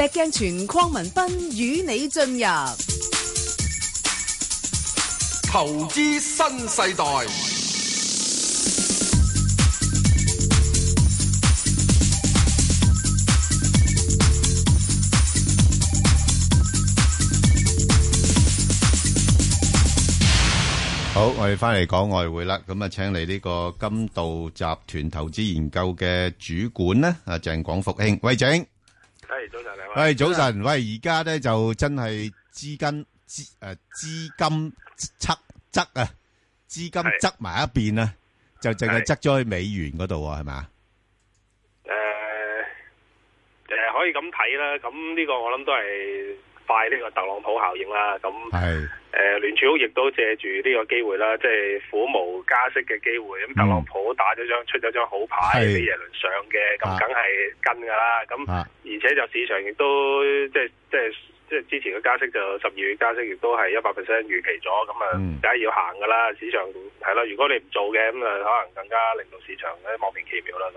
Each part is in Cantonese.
石鏡泉鄺文斌與你進入投資新世代。好，我哋翻嚟講外匯啦。咁啊，請嚟呢個金道集團投資研究嘅主管咧，阿鄭廣復興，魏靜。.誒，早晨兩位。誒，早晨，喂，而家咧就真係資金資誒資金側側啊，資金側埋一邊啦，就淨係側咗去美元嗰度啊，係嘛？誒誒，可以咁睇啦，咁呢個我諗都係。快呢個特朗普效應啦，咁誒是、呃、聯儲局亦都借住呢個機會啦，即係苦無加息嘅機會，咁、嗯、特朗普打咗張出咗張好牌俾耶倫上嘅，咁梗係跟㗎啦，咁、啊、而且就市場亦都即係即係即係之前嘅加息就十二月加息亦都係一百 percent 預期咗，咁啊梗係要行㗎啦，市場係啦，如果你唔做嘅，咁啊可能更加令到市場咧莫名其妙啦咁，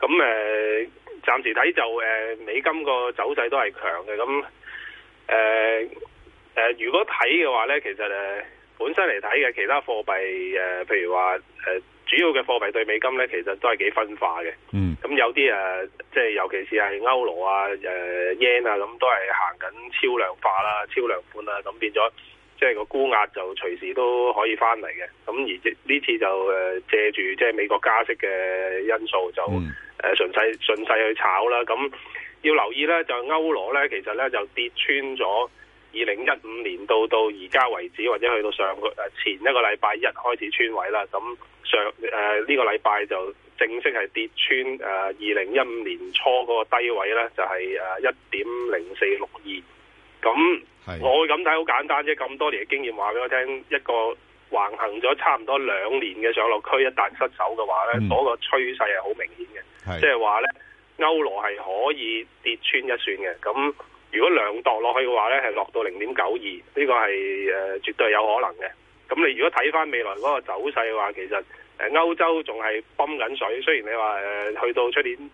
咁誒、嗯呃、暫時睇就、呃、美金個走勢都係強嘅咁。誒誒、呃呃呃、如果睇嘅話咧，其實誒、呃、本身嚟睇嘅，其他貨幣誒，譬如話誒、呃、主要嘅貨幣對美金咧，其實都係幾分化嘅。嗯些。咁有啲誒，即係尤其是係歐羅啊、誒、呃、yen 啊，咁都係行緊超量化啦、超量寬啦，咁變咗即係個沽壓就隨時都可以翻嚟嘅。咁而呢次就誒借住即係美國加息嘅因素就，就誒順勢順勢去炒啦。咁、嗯。要留意咧，就歐羅咧，其實咧就跌穿咗二零一五年到到而家為止，或者去到上誒前一個禮拜一開始穿位啦。咁上誒呢、呃呢個禮拜就正式係跌穿誒二零一五年初嗰個低位咧，就係誒一點零四六二。咁的我會咁睇，好簡單啫。咁多年嘅經驗話俾我聽，一個橫行咗差唔多兩年嘅上落區，一旦失守嘅話咧，嗰、嗰個趨勢係好明顯嘅，即係話咧。歐羅係可以跌穿一算嘅，咁如果兩度落去嘅話呢，係落到零點九二，呢個係誒絕對有可能嘅。咁你如果睇翻未來嗰個走勢嘅話，其實誒、呃、歐洲仲係泵緊水，雖然你話誒、呃、去到出年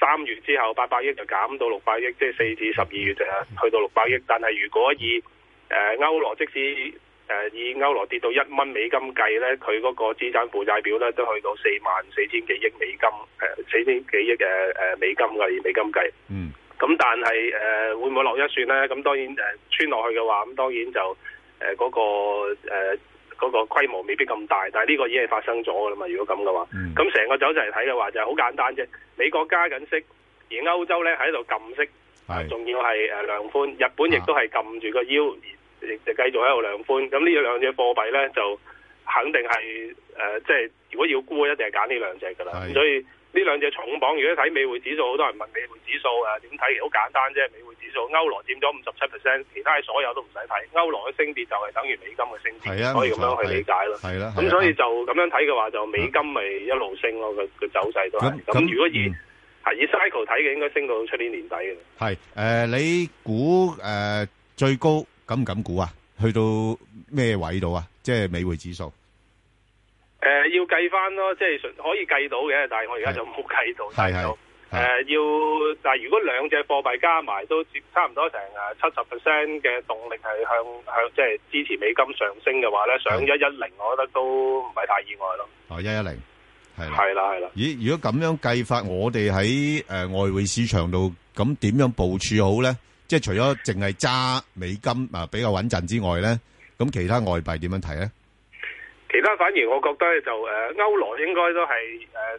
三月之後八百億就減到六百億，即係四至十二月就去到六百億，但係如果以誒、呃、歐羅即使，誒以歐羅跌到一蚊美金計咧，佢嗰個資產負債表咧都去到四萬四千幾億美金，四、呃、千幾億嘅、呃、美金㗎，美金計。金計嗯。咁但係誒會唔會落一算咧？咁當然、呃、穿落去嘅話，咁當然就誒嗰、呃嗰個誒嗰、呃嗰個、規模未必咁大，但係呢個已經係發生咗㗎啦嘛。如果咁嘅話，咁成、嗯、個走勢嚟睇嘅話就係好簡單啫。美國加緊息，而歐洲咧喺度撳息，仲是的 要係誒、呃、量寬，日本亦都係撳住個腰。啊亦就繼續喺度量寬，咁呢兩隻貨幣咧就肯定係誒，即、呃、係、就是、如果要沽，一定係揀呢兩隻噶啦。所以呢兩隻重磅。如果睇美匯指數，好多人問美匯指數誒點睇，其實好、啊、簡單啫。美匯指數歐羅佔咗五十七 percent，其他所有都唔使睇。歐羅嘅升跌就係等於美金嘅升跌，可以咁樣去理解咯。係啦，咁所以就咁樣睇嘅話，就美金咪一路升咯，個個、啊、走勢都係。咁如果以係、嗯、以 cycle 睇嘅，應該升到出年年底嘅。係誒、呃，你估誒、呃、最高？敢唔敢估啊？去到咩位度啊？即係美匯指數。誒、呃，要計翻咯，即係可以計到嘅，但係我而家就冇計到。係係。誒，要但係如果兩隻貨幣加埋都差唔多成誒七十 percent 嘅動力係向向即係支持美金上升嘅話咧，的上一一零，我覺得都唔係太意外咯。哦，一一零，係。係啦，係啦。咦，如果咁樣計法，我哋喺誒外匯市場度，咁點樣部署好咧？即係除咗淨係揸美金啊，比較穩陣之外咧，咁其他外幣點樣睇咧？其他反而我覺得咧就，誒歐羅應該都係誒誒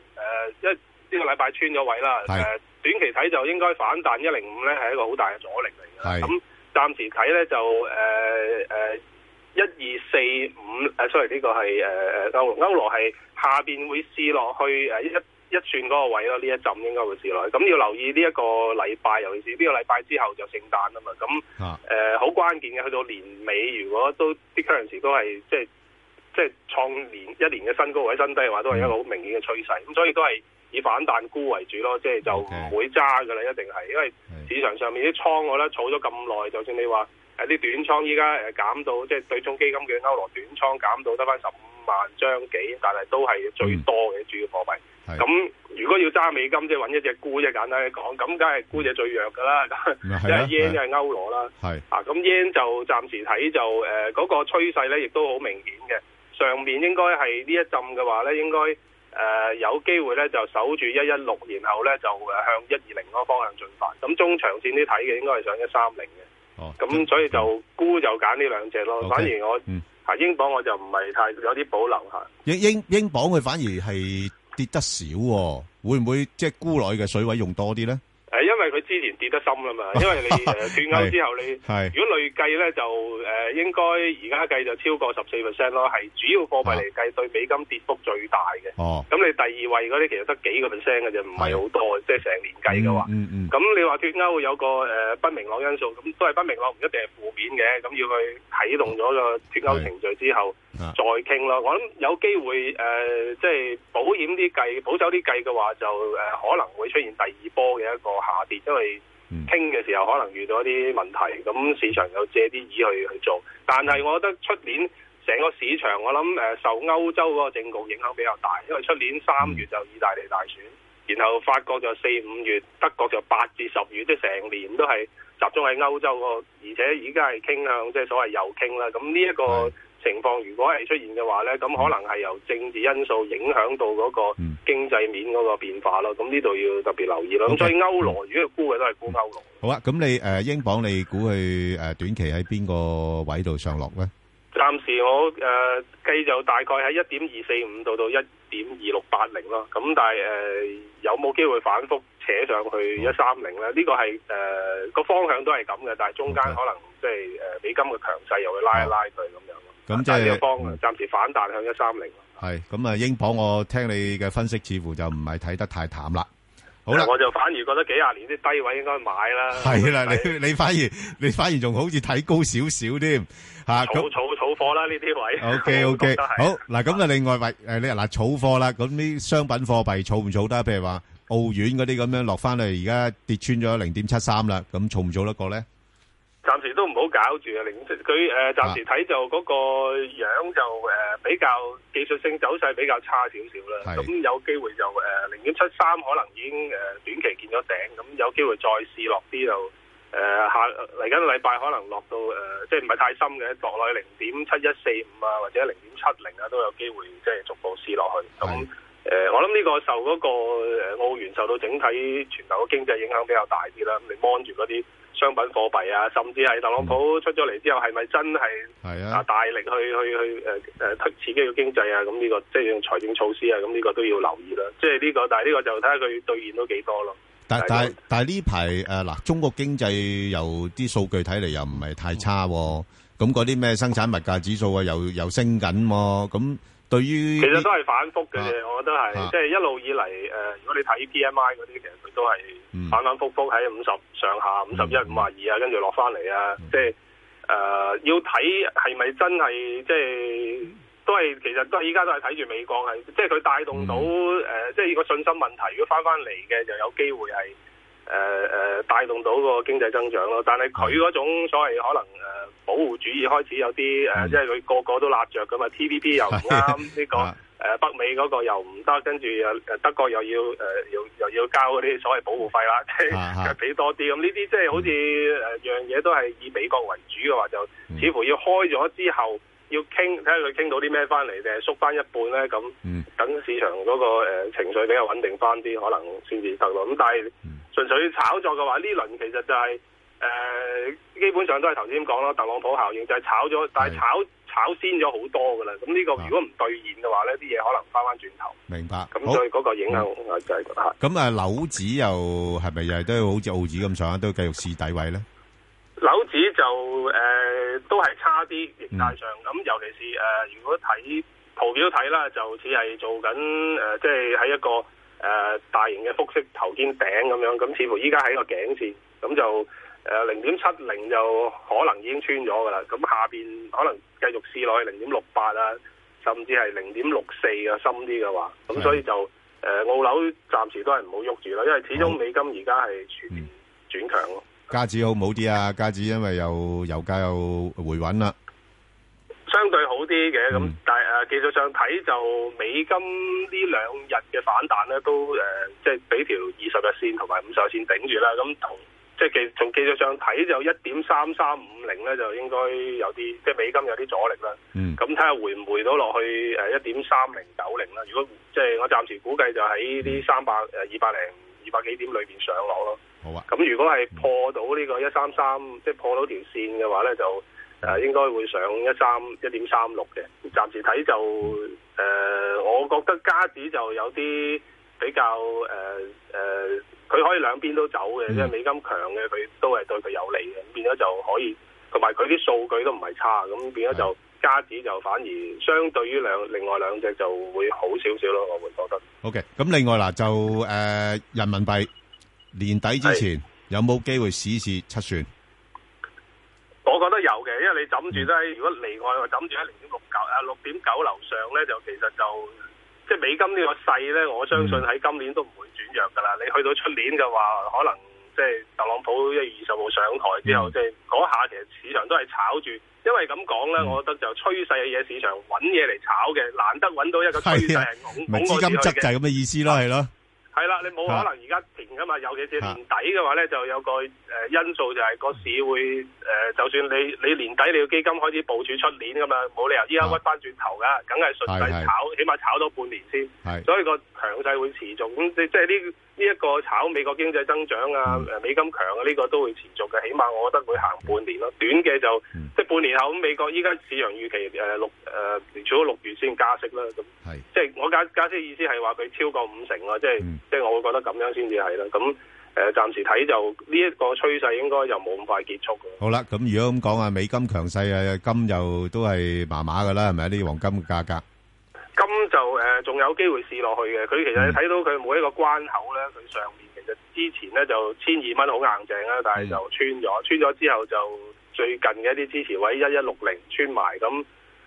一，呢個禮拜穿咗位啦。誒是短期睇就應該反彈一零五咧，係一個好大嘅阻力嚟嘅。咁是暫時睇咧就誒誒一二四五誒，sorry 呢個係誒誒歐羅歐羅係下邊會試落去誒一。呃 1, 一寸嗰個位咯，呢一陣應該會試耐。咁要留意呢一個禮拜，尤其是呢個禮拜之後就聖誕啊嘛。咁誒好關鍵嘅，去到年尾如果都啲 currency 都係即係即係創年一年嘅新高或者新低嘅話，都係一個好明顯嘅趨勢。咁所以都係以反彈沽為主咯，即係就唔會揸㗎啦，一定係，因為市場上面啲倉我覺得儲咗咁耐，就算你話啲、啊、短倉依家減到，即係對沖基金嘅歐羅短倉減到得翻十五萬張幾，但係都係最多嘅主要貨幣。嗯咁是如果要揸美金，即係揾一隻沽隻，簡單啲講，咁梗係沽隻最弱噶啦，即係 yen 即係歐羅啦，係啊是，咁 yen 就暫時睇就誒嗰、呃那個趨勢咧，亦都好明顯嘅。上面應該係呢一陣嘅話咧，應該誒、呃、有機會咧就守住一一六，然後咧就向一二零嗰方向進發。咁中長線啲睇嘅應該係上一三零嘅。哦，咁所以就沽、嗯、就揀呢兩隻咯。Okay，嗯、反而我嗯，英鎊我就唔係太有啲保留嚇。英英英鎊佢反而係。跌得少、哦，會唔會即係沽內嘅水位用多啲咧？誒，因為佢。之前跌得深啦嘛，因為你脫歐 是之後你，你如果累計咧就誒應該而家計就超過十四 percent 咯，係主要貨幣嚟計對美金跌幅最大嘅。哦、啊，咁你第二位嗰啲其實得幾個 percent 嘅就唔係好多，啊、即係成年計嘅話。咁、嗯嗯嗯、你話脫歐有個誒、呃、不明朗因素，咁都係不明朗，唔一定係負面嘅。咁要去啟動咗個脫歐程序之後、啊、再傾咯。我諗有機會誒、呃，即係保險啲計、保守啲計嘅話就，就、呃、誒可能會出現第二波嘅一個下跌，因為。傾嘅、嗯、時候可能遇到一啲問題，咁市場有借啲意去去做，但係我覺得出年成個市場我諗誒、呃、受歐洲嗰個政局影響比較大，因為出年三月就意大利大選，然後法國就四五月，德國就八至十月，即係成年都係集中喺歐洲個，而且而家係傾向即係、就是、所謂右傾啦，咁呢一個。嗯情況如果係出現嘅話呢，咁可能係由政治因素影響到嗰個經濟面嗰個變化咯。咁呢度要特別留意咯。咁 Okay, 所以歐羅，嗯、如果要沽嘅都係沽歐羅、嗯。好啊，咁你誒英鎊你估佢誒短期喺邊個位度上落呢？暫時我誒計就大概喺一點二四五到到一點二六八零咯。咁但係誒有冇機會反覆扯上去一三零呢？呢、嗯、個係誒個方向都係咁嘅，但係中間可能 okay，即係誒、呃、美金嘅強勢又會拉一拉佢咁樣咯。咁即係幫，暫時反彈向一三零。係，咁啊，英鎊我聽你嘅分析，似乎就唔係睇得太淡啦。好啦，我就反而覺得幾廿年啲低位應該買啦。係啦，你你反而你反而仲好似睇高少少添吓。儲儲儲貨啦，呢啲位。O K O K，好嗱，咁啊，另外喂誒，你嗱儲貨啦，咁啲商品貨幣儲唔儲得？譬如話澳元嗰啲咁樣落翻去，而家跌穿咗零點七三啦，咁儲唔儲得過咧？暫時都唔好搞住啊！零佢誒，暫時睇就嗰個樣，就誒比較技術性走勢比較差少少啦。咁是有機會就誒零點七三可能已經誒、呃、短期見咗頂，咁有機會再試落啲就誒、呃、下嚟緊禮拜可能落到誒、呃、即係唔係太深嘅，落落零點七一四五啊或者零點七零啊都有機會，即係逐步試落去。咁誒是、呃、我諗呢個受嗰、嗰個澳元受到整體全球嘅經濟影響比較大啲啦。咁你望住嗰啲。商品貨幣啊，甚至係特朗普出咗嚟之後，係咪、嗯、真係啊大力去、啊、去去誒誒、uh, 推刺激個經濟啊？咁呢、這個即係、就是、用財政措施啊，咁呢個都要留意啦。即係呢個，但係呢個就睇下佢兌現都幾多咯。但係但係但呢排誒嗱，中國經濟由啲數據睇嚟又唔係太差喎、啊。咁嗰啲咩生產物價指數啊，又又升緊、啊、喎。咁其實都係反覆嘅、啊、我覺得係，即係、啊、一路以嚟，誒、呃，如果你睇 PMI 嗰啲，其實佢都係反反复覆喺五十上下、五十一、五十二啊，跟住落翻嚟啊，即係誒，要睇係咪真係，即係、都係，其實都係，依家都係睇住美國係，即係佢帶動到，誒、嗯，即係、呃、個信心問題，如果翻翻嚟嘅就有機會係。誒誒，帶、呃、動到個經濟增長咯。但係佢嗰種所謂可能誒保護主義開始有啲誒、嗯呃，即係佢個個都立着噶嘛。TPP 又唔啱呢個誒、啊呃、北美嗰個又唔得，跟住又德國又要誒、呃、又又要交嗰啲所謂保護費啦，即係俾多啲。咁呢啲即係好似、嗯、樣嘢都係以美國為主嘅話，就似乎要開咗之後要傾，睇下佢傾到啲咩翻嚟定係縮翻一半咧。咁、嗯、等市場嗰、那個誒、呃、情緒比較穩定翻啲，可能先至得咯。咁但係，嗯純粹炒作嘅話，呢輪其實就係、是、誒、呃，基本上都係頭先咁講咯，特朗普效應就係炒咗，但係炒是的炒先咗好多噶啦。咁呢個如果唔兌現嘅話，呢啲嘢可能翻翻轉頭。明白。咁再嗰個影響就係、是、咁。咁啊，樓的子又係咪又係都要好似澳紙咁上下，都要繼續試底位咧？樓子就誒，都係差啲形態上咁，尤其是誒、呃，如果睇圖表睇啦，就似係做緊誒，即係喺一個。誒，uh, 大型嘅複式頭肩頂咁樣，咁似乎依家係一個頸線，咁就誒零點七零就可能已經穿咗噶啦，咁下邊可能繼續試落去零點六八啊，甚至係零點六四啊深啲嘅話，咁所以就誒，的 uh, 澳樓暫時都係唔好喐住啦，因為始終美金而家係全面轉強咯。加紙好唔、嗯、好啲啊？加紙因為有油價又回穩啦。相對好啲嘅，咁、嗯、但係誒、呃、技術上睇就美金呢兩日嘅反彈咧，都、呃、即係俾條二十日線同埋五十日線頂住啦。咁、嗯、同即係技從技術上睇就一點三三五零咧，就應該有啲即係美金有啲阻力啦。嗯。咁睇下回唔回到落去誒一點三零九零啦。如果即係我暫時估計就喺呢三百二百零二百幾點裏面上落咯。好啊。咁如果係破到呢個一三三，即係破到條線嘅話咧，就。誒、啊、應該會上一三一點三六嘅，暫時睇就誒、呃，我覺得加紙就有啲比較誒誒，佢、呃呃、可以兩邊都走嘅，嗯、即係美金強嘅，佢都係對佢有利嘅，變咗就可以。同埋佢啲數據都唔係差，咁變咗就的加紙就反而相對於兩另外兩隻就會好少少咯。我會覺得。OK，咁另外嗱就誒、呃、人民幣年底之前的有冇機會試試七算？我覺得有嘅，因為你枕住都係如果離岸話枕住喺零點六九啊，六點九樓上咧，就其實就即係美金呢個勢咧，我相信喺今年都唔會轉弱噶啦。你去到出年嘅話，可能即係特朗普一月二十號上台之後，即係嗰下其實市場都係炒住，因為咁講咧，嗯、我覺得就趨勢嘅嘢，市場揾嘢嚟炒嘅，難得揾到一個趨勢係拱拱金就係咁嘅意思啦係囉。係啦，你冇可能而家停噶嘛尤其是年底嘅話咧，就有個誒、呃、因素就係個市會誒、呃，就算你你年底你嘅基金開始部署出年噶嘛，冇理由依家屈翻轉頭噶，梗係順勢炒，起碼炒多半年先。係的，所以個強勢會持續。咁即即係呢。呢一個炒美國經濟增長啊，誒美金強啊，呢、這個都會持續嘅，起碼我覺得會行半年咯、啊。短嘅就、嗯、即係半年後，咁美國依家市場預期誒、呃、六誒，遲、呃、咗六月先加息啦。咁係是即係我加、加息意思係話佢超過五成啊，即係、嗯、即係我會覺得咁樣先至係啦。咁誒暫時睇就呢一、這個趨勢應該又冇咁快結束。好啦，咁如果咁講啊，美金強勢啊，金又都係麻麻㗎啦，係咪啲黃金嘅價格？咁就誒，仲、呃、有機會試落去嘅。佢其實你睇到佢每一個關口呢，佢上面其實之前呢就千二蚊好硬淨啦，但係就穿咗，穿咗之後就最近嘅一啲支持位一一六零穿埋，咁誒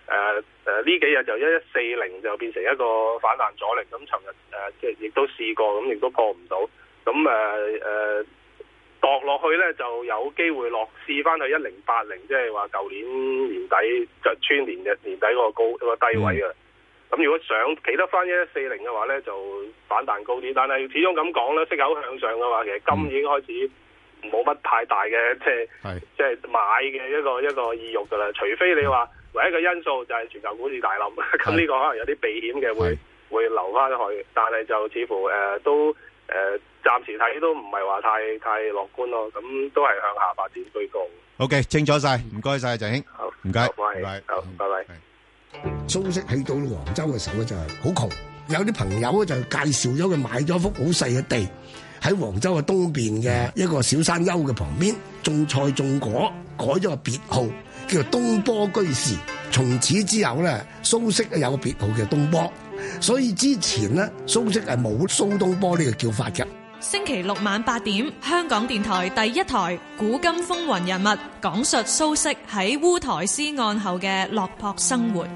呢幾日就一一四零就變成一個反彈阻力，咁尋日即係亦都試過，咁亦都破唔到，咁誒誒墮落去呢，就有機會落試翻去一零八零，即係話舊年年底就穿年嘅年底嗰個高、嗰個、低位啊。咁如果想企得翻一一四零嘅話咧，就反彈高啲。但係始終咁講咧，息口向上嘅話，其實今已經開始冇乜太大嘅即係是即係買嘅一個一個意欲噶啦。除非你話唯一個因素就係全球股市大冧，咁呢是個可能有啲避險嘅會是會留翻去。但係就似乎誒、呃、都誒、呃、暫時睇都唔係話太太樂觀咯。咁都係向下發展最高。O、okay, K，清楚晒，唔該曬鄭生，好，唔該謝，歡迎，好，拜拜。蘇軾去到黃州嘅時候就係好窮，有啲朋友咧就介紹咗佢買咗一幅好細嘅地，喺黃州嘅東邊嘅一個小山丘嘅旁邊種菜種果，改咗個別號叫做東坡居士。從此之後咧，蘇軾有個別號叫東坡，所以之前咧蘇軾係冇蘇東坡呢個叫法嘅。星期六晚八點，香港電台第一台《古今風雲人物》講述蘇軾喺烏台詩案後嘅落魄生活。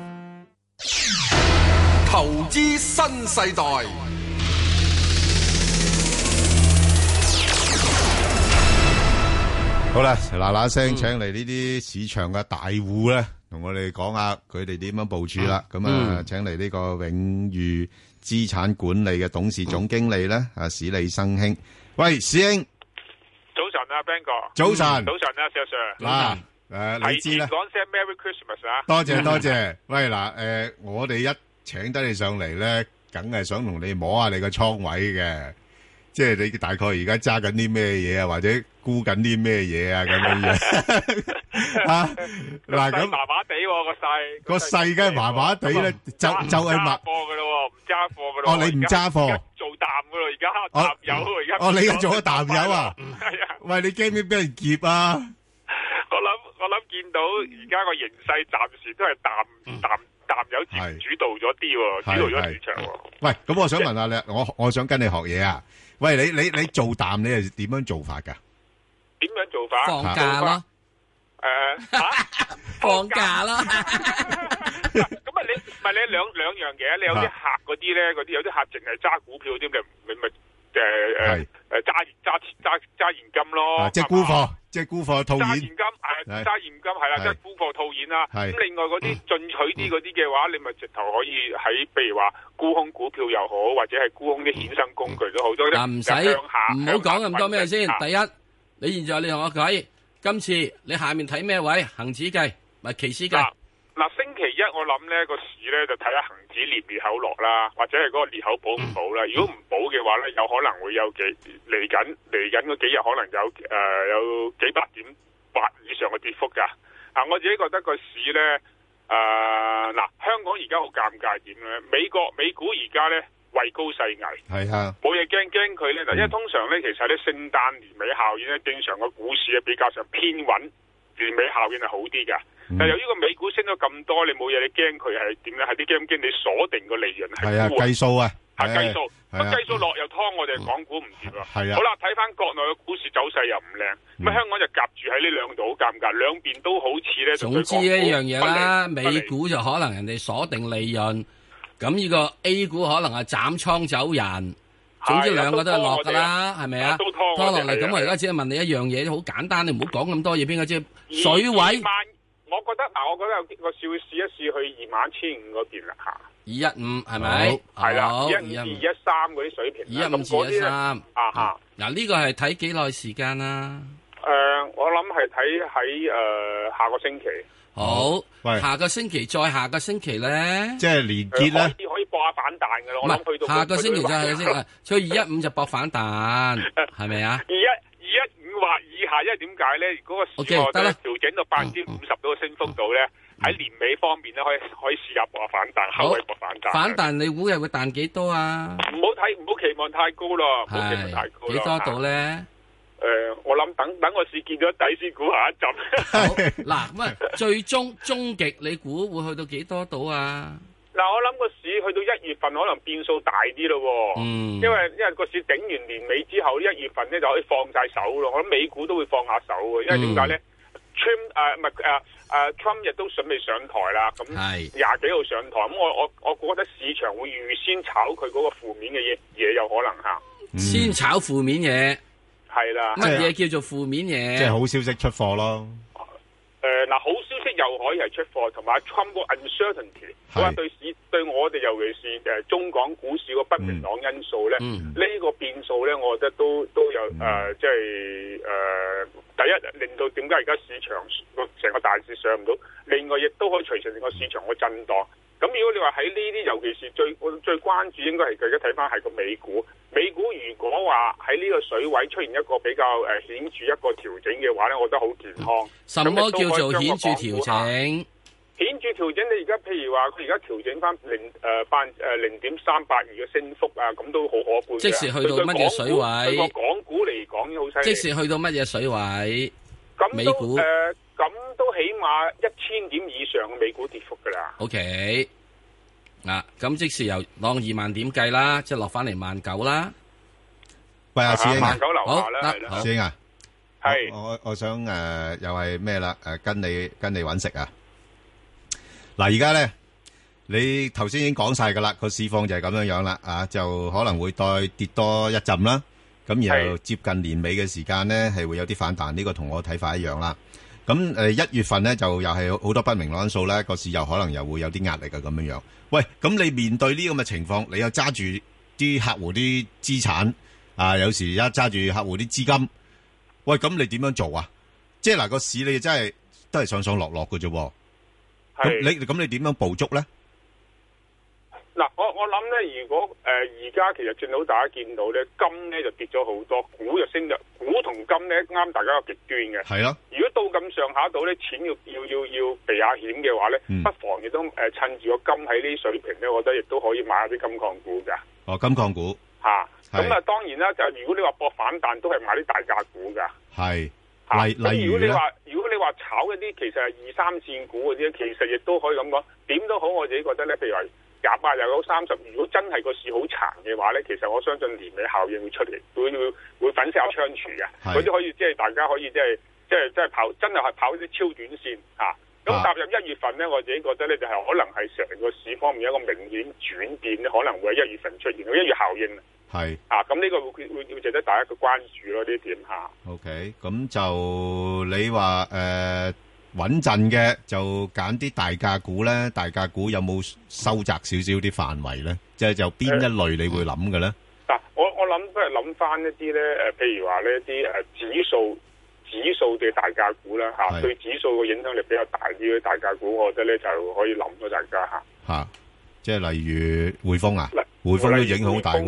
投資新世代，好啦，嗱嗱聲，請嚟呢啲市場嘅大戶咧，同我哋講下佢哋點樣部署啦。咁啊，請嚟呢個永裕，資產管理嘅董事總經理咧，阿史理生兄，喂，師兄，早晨啊，Ben 哥，早晨，早晨啊，Sir Sir，嗱，誒，你知啦，講聲 Merry Christmas 啊，多謝多謝，喂嗱，誒，我哋一請得你上嚟咧，梗係想同你摸下你個倉位嘅。即係你大概而家揸緊啲咩嘢啊，或者沽緊啲咩嘢啊咁樣嘢啊？嗱咁，麻麻地個勢，個勢，梗係麻麻地啦。就就係賣貨噶咯唔揸貨噶咯哦，你唔揸貨做淡噶咯而家哦有而家哦，你又做咗淡友啊？係啊！喂，你驚唔驚俾人劫啊？我諗我諗見到而家個形勢暫時都係淡淡淡友主主導咗啲，主導咗市場。喂，咁我想問下你，我我想跟你學嘢啊。喂，你你你做淡，你係點樣做法噶？點樣做法？放假啦？誒、啊，放假咯。咁啊，你唔係你兩兩樣嘢，你有啲客嗰啲咧，啲有啲客淨係揸股票添嘅，你咪誒誒誒揸揸揸揸現金咯。即係沽貨，即係沽貨套現金。揸現金係啦，即係沽貨套現啦。咁是另外嗰啲進取啲嗰啲嘅話，嗯、你咪直頭可以喺，譬如話沽空股票又好，或者係沽空啲衍生工具都好、嗯、多啲唔使唔好講咁多咩先。下第一，你現在你同我睇今次你下面睇咩位恒指計，唔係期指計嗱。星期一我諗咧個市咧就睇下恒指裂裂口落啦，或者係嗰個裂口補唔補啦。嗯、如果唔補嘅話咧，有可能會有幾嚟緊嚟緊嗰幾日可能有誒、呃、有幾百點。八以上嘅跌幅㗎，啊！我自己覺得個市咧，誒、呃，嗱，香港而家好尷尬點咧？美國美股而家咧，位高勢危，係啊的，冇嘢驚驚佢咧，嗱，的因為通常咧，其實咧聖誕年尾效應咧，正常個股市係比較上偏穩，年尾效應係好啲㗎。是的但係由於個美股升咗咁多，你冇嘢，你驚佢係點咧？係啲驚驚你鎖定個利潤係啊計數啊。係計數，咁計數落又拖，我哋港股唔掂啦。係啊，好啦，睇翻國內嘅股市走勢又唔靚，咁香港就夾住喺呢兩度，好尷尬，兩邊都好似咧。總之一樣嘢啦，美股就可能人哋鎖定利潤，咁呢個 A 股可能係斬倉走人。總之兩個都係落噶啦，係咪啊？都拖落嚟。拖落嚟咁，我而家只係問你一樣嘢，好簡單，你唔好講咁多嘢。邊個知？水位，我覺得嗱，我覺得有機會試一試去二萬一千五嗰邊啦吓。二一五係咪？係啦，二一五二一三嗰啲水平。二一五二一三啊哈！嗱呢個係睇幾耐時間啦？誒，我諗係睇喺誒下個星期。好，下個星期再下個星期咧，即係連結咧，可以可以搏反彈噶啦。我諗去到下個星期再下個星期，所以二一五就搏反彈係咪啊？二一二一五或以下，因為點解咧？嗰個期貨調整到百分之五十多個升幅度咧。喺年尾方面咧，可以可以試入話反彈，高位個反彈。反彈好你估又會彈幾多啊？唔好睇，唔好期望太高咯。幾是多度咧？誒、呃，我諗等等個市見咗底先估下一陣。嗱，咁啊，最終終極你估會去到幾多度啊？嗱，我諗個市去到一月份可能變數大啲咯。嗯，因為因為個市頂完年尾之後，一月份咧就可以放晒手咯。我諗美股都會放下手嘅，因為點解咧？嗯 Trump, uh, uh, uh, Trump 唔係 Trump 亦都準備上台啦，咁廿幾號上台，咁我我我覺得市場會預先炒佢嗰個負面嘅嘢嘢有可能、吓、先炒負面嘢，係啦的，乜嘢叫做負面嘢？即係、啊就係、好消息出貨咯。誒嗱、呃，好消息又可以係出貨，同埋 Trump uncertainty，嗰是對市對我哋，尤其是中港股市個不明朗因素咧，呢、嗯、個變數咧，我覺得都都有即係、嗯呃就是呃、第一令到點解而家市場個成個大市上唔到，另外亦都可以隨成成個市場個震盪。嗯咁如果你話喺呢啲，尤其是最我最關注，應該係佢而家睇翻係個美股。美股如果話喺呢個水位出現一個比較誒、呃、顯著一個調整嘅話咧，我覺得好健康。什麼叫做顯著調整？顯著調整你，你而家譬如話佢而家調整翻零誒半誒零點三八二嘅升幅啊，咁都好可觀。即時去到乜嘢水位？對個港股嚟講，即時去到乜嘢水位？美股咁都起碼一千點以上嘅美股跌幅噶啦。OK 嗱，咁即時由浪二萬點計啦，即係落翻嚟萬九啦。喂，阿史兄啊，好，阿史兄啊，係我我想誒，又係咩啦？誒，跟你，跟你搵食啊。嗱，而家咧，你頭先已經講晒噶啦，個市況就係咁樣樣啦。啊，就可能會再跌多一浸啦。咁然後接近年尾嘅時間咧，係會有啲反彈。呢個同我睇法一樣啦。咁誒，呃、一月份咧就又係好、好多不明朗因素咧，個市又可能又會有啲壓力嘅咁樣樣。喂，咁你面對呢咁嘅情況，你又揸住啲客戶啲資產啊、呃，有時而家揸住客戶啲資金，喂，咁你點樣做啊？即係嗱，那個市你真係都係上上落落嘅啫、啊。咁的你咁你點樣捕捉咧？嗱，我我諗咧，如果誒而家其實正好大家見到咧，金咧就跌咗好多，股就升咗。股同金咧啱大家個極端嘅。係咯。都咁上下到呢，錢要要要要避下險嘅話呢，不妨亦都、呃、趁住個金喺呢啲水平呢，我覺得亦都可以買下啲金礦股㗎。哦，金礦股吓，咁啊是當然啦，就如果你話博反彈，都係買啲大價股㗎。係。嗱，如果你話如，如果你話炒嗰啲，其實係二三線股嗰啲，其實亦都可以咁講。點都好，我自己覺得呢，譬如話廿八又有三十，如果真係個市好殘嘅話呢，其實我相信年尾效應會出嚟，會會會粉飾下窗柱嘅，嗰啲是可以即係大家可以即係。即係即係跑，真係係跑啲超短線嚇。咁、啊、踏入一月份咧，我自己覺得咧就係、是、可能係成個市方面有一個明顯轉變，可能會喺一月份出現到一月效應是啊。係啊，咁呢個會會,會值得大家嘅關注咯，呢點嚇。啊、OK，咁就你話誒穩陣嘅，就揀啲大價股咧。大價股有冇收窄少少啲範圍咧？即係就邊、是、一類你會諗嘅咧？嗱、啊，我我諗都係諗翻一啲咧誒，譬如話呢一啲誒指數。指數對大價股啦嚇，對指數嘅影響力比較大啲咯。大價股我覺得咧就可以諗到，大家嚇嚇，即係例如匯豐啊，匯豐都影響好大喎。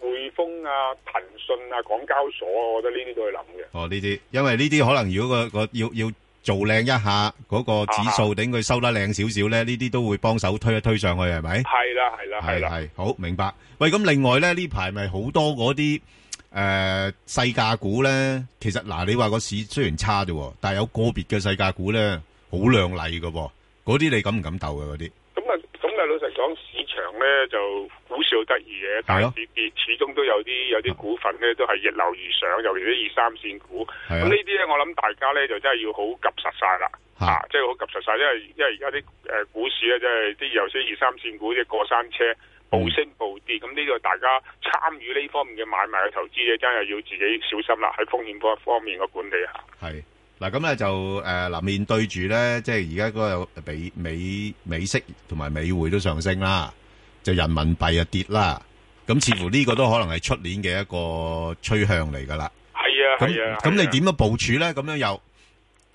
匯豐啊，騰訊啊，港交所，我覺得呢啲都係諗嘅。哦，呢啲，因為呢啲可能如果個個要要做靚一下，嗰個指數等佢收得靚少少咧，呢啲都會幫手推一推上去，係咪？係啦，係啦，係啦，係。好，明白。喂，咁另外咧，呢排咪好多嗰啲。誒、呃，細價股咧，其實嗱、啊，你話個市雖然差啫，但係有個別嘅細價股咧，好靚麗㗎，嗰啲你敢唔敢鬥嘅嗰啲？咁啊，咁啊，老實講，市場咧就股市好得意嘅，是的但係、嗯、始終都有啲有啲股份咧都係逆流而上，尤其啲二三線股。咁的呢啲咧，我諗大家咧就真係要好及實晒啦，吓的，即係好及實晒，因為因為而家啲誒股市咧即係啲有些二三線股即係過山車。暴、嗯、升暴跌，咁呢度大家參與呢方面嘅買賣嘅投資咧，真係要自己小心啦，喺風險方方面嘅管理下。係，嗱咁咧就誒嗱、呃、面對住咧，即係而家嗰個美美美息同埋美匯都上升啦，就人民幣啊跌啦，咁似乎呢個都可能係出年嘅一個趨向嚟㗎啦。係啊係啊，咁你點樣部署咧？咁、嗯、樣又？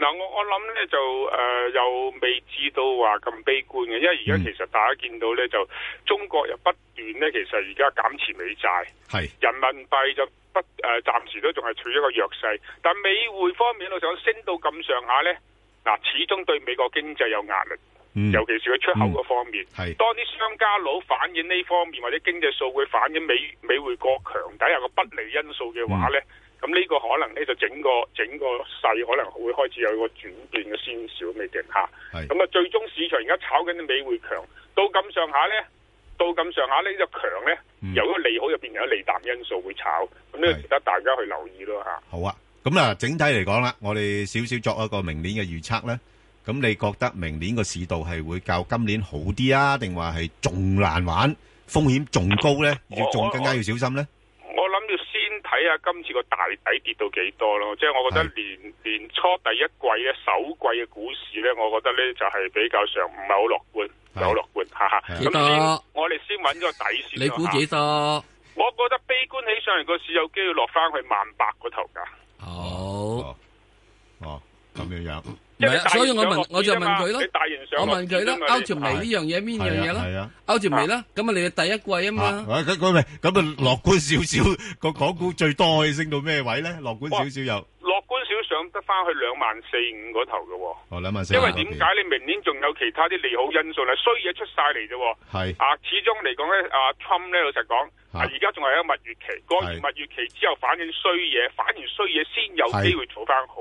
嗱、嗯，我我諗咧就誒、呃、又未至到話咁悲觀嘅，因為而家其實大家見到咧就中國又不斷咧，其實而家減持美債，是人民幣就不誒暫、呃、時都仲係處一個弱勢，但美匯方面我想升到咁上下咧，嗱始終對美國經濟有壓力，嗯、尤其是佢出口嗰方面，嗯、當啲商家佬反映呢方面或者經濟數據反映美美匯過強底有個不利因素嘅話咧。嗯咁呢個可能呢，就、這個、整個整個勢可能會開始有個轉變嘅先兆都未定下咁啊，是最終市場而家炒緊美匯會強，到咁上下呢？到咁上下呢，就、這個、強呢，嗯、由一個利好入邊有啲利淡因素會炒，咁呢個值得大家去留意咯吓，好啊。咁、嗯、啊，整體嚟講啦，我哋少少作一個明年嘅預測呢。咁你覺得明年個市道係會較今年好啲啊，定話係仲難玩、風險仲高呢？要仲更加要小心呢？哦哦哦睇下今次個大底跌到幾多咯，即係我覺得年年是的 初第一季嘅首季嘅股市咧，我覺得咧就係比較上唔係好樂觀，唔係好是的 樂觀嚇。咁先，我哋先揾個底線。你估幾多？我覺得悲觀起上嚟個市有機會落翻去萬八嗰頭㗎。好，哦，咁樣樣。 所以我問我就問佢咯，我問佢咯，歐條眉呢樣嘢邊樣嘢咯，歐條眉啦，咁啊你嘅第一季啊嘛，咁咪咁啊樂觀少少，個港股最多可以升到咩位咧？樂觀少少有，樂觀少少上得翻去兩萬四五嗰頭嘅喎，因為點解你明年仲有其他啲利好因素咧？衰嘢出晒嚟啫，係啊，始終嚟講咧，阿 Trump 咧老實講，啊而家仲係一個蜜月期，過完蜜月期之後反映衰嘢，反而衰嘢先有機會儲翻好，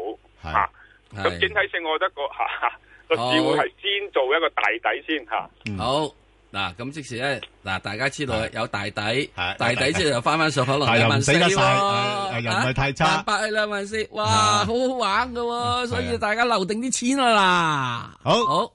係。咁整體性我覺得個吓個市會係先做一個大底先吓。好嗱，咁即時咧嗱，大家知道有大底，大底之後翻翻上，可能又兩萬四，又唔係太差，大翻啦兩萬四，哇好好玩噶，所以大家留定啲錢啦啦。好。